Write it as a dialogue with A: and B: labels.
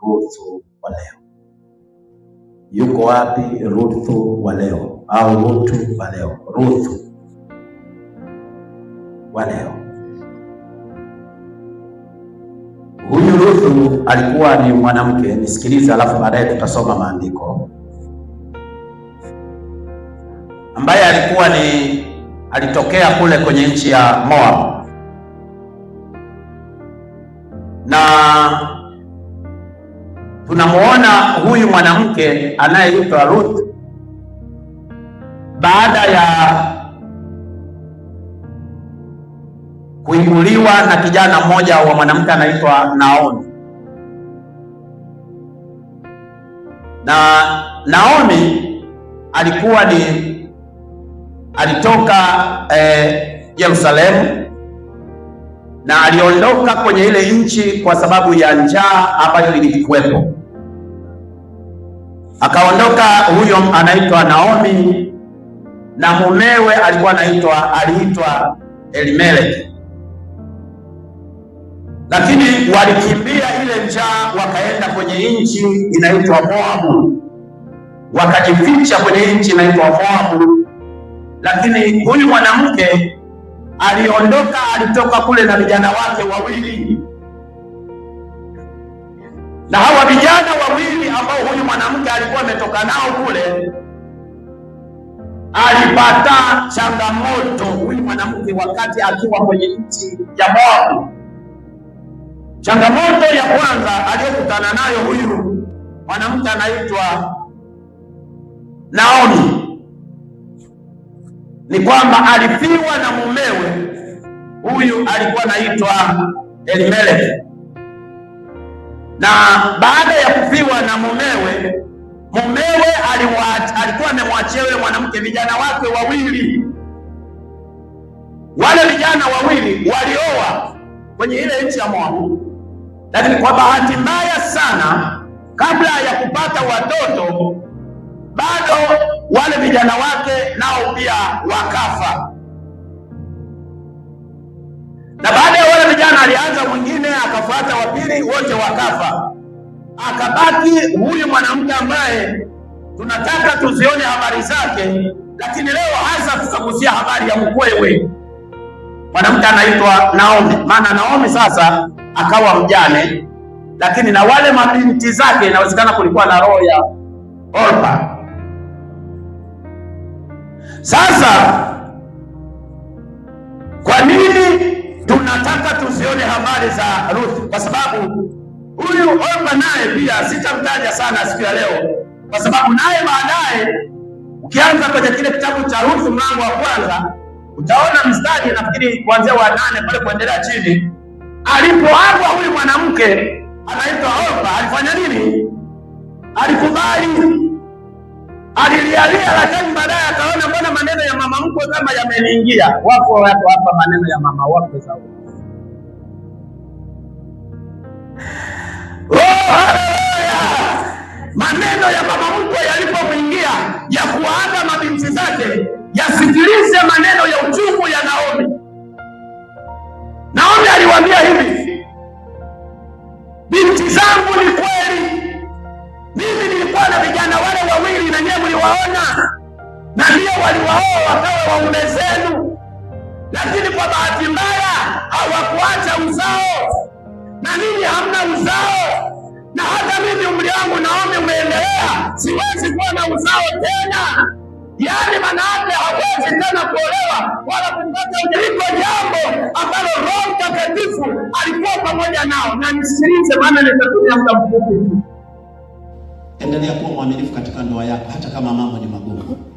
A: Ruthu wa leo? Yuko wapi Ruthu wa leo, au Ruthu wa leo? Ruthu wa leo. Huyu Ruthu alikuwa ni mwanamke, nisikilize, alafu baadaye tutasoma maandiko, ambaye alikuwa ni alitokea kule kwenye nchi ya Moab na tunamwona huyu mwanamke anayeitwa Ruth baada ya kuinguliwa na kijana mmoja wa mwanamke anaitwa Naomi na Naomi alikuwa ni alitoka eh, Yerusalemu na aliondoka kwenye ile nchi kwa sababu ya njaa ambayo ilikuwepo. Akaondoka huyo anaitwa Naomi na mumewe alikuwa anaitwa aliitwa Elimeleki, lakini walikimbia ile njaa wakaenda kwenye nchi inaitwa Moabu, wakajificha kwenye nchi inaitwa Moabu. Lakini huyu mwanamke aliondoka, alitoka kule na vijana wake wawili, na hawa vijana wawili ambao huyu mwanamke alikuwa ametoka nao kule, alipata changamoto huyu mwanamke wakati akiwa kwenye nchi ya Moabu. Changamoto ya kwanza aliyokutana nayo huyu mwanamke anaitwa Naomi ni kwamba alifiwa na mumewe. Huyu alikuwa anaitwa Elimeleki, na baada ya kufiwa na mumewe, mumewe alikuwa amemwachia yule mwanamke vijana wake wawili. Wale vijana wawili walioa kwenye ile nchi ya Moabu, lakini kwa bahati mbaya sana, kabla ya kupata watoto bado wale vijana wake nao pia wakafa. Na baada ya wale vijana alianza mwingine, akafuata wa pili, wote wakafa. Akabaki huyu mwanamke ambaye tunataka tuzione habari zake, lakini leo hasa tutagusia habari ya mkwewe. Mwanamke anaitwa Naomi, maana Naomi sasa akawa mjane, lakini na wale mabinti zake inawezekana kulikuwa na roho ya Orpa sasa kwa nini tunataka tuzione habari za Ruth? Kwa sababu huyu Orpa naye pia sitamtaja sana siku ya leo, kwa sababu naye baadaye ukianza kwenye kile kitabu cha Ruth mlango wa kwanza utaona mstari nafikiri kuanzia wa nane pale kuendelea chini. Alipoagwa huyu mwanamke anaitwa Orpa alifanya nini? Alikubali, alilialia lakini maneno ya mama mkwe kama yameniingia? Wako watu hapa maneno ya mama wako sawa. Oh, maneno ya mama mkwe yalipomuingia ya kuwaaga mabinti zake, yasikilize maneno ya uchungu ya Naomi. Naomi aliwaambia hivi, binti zangu, ni kweli mimi nilikuwa na vijana wale wawili, na nyewe mliwaona na ndio waliwaoa wakawa waume zenu, lakini kwa bahati mbaya hawakuacha uzao, na ninyi hamna uzao. Na hata mimi umri wangu naomi umeendelea, siwezi kuwa na uzao tena. Yaani manaake hawezi tena kuolewa wala kupata. Liko jambo ambalo Roho Mtakatifu alikuwa pamoja nao, na nisikilize, maana nitatumia muda mfupi.
B: Endelea kuwa mwaminifu katika ndoa yako, hata kama mambo ni magumu.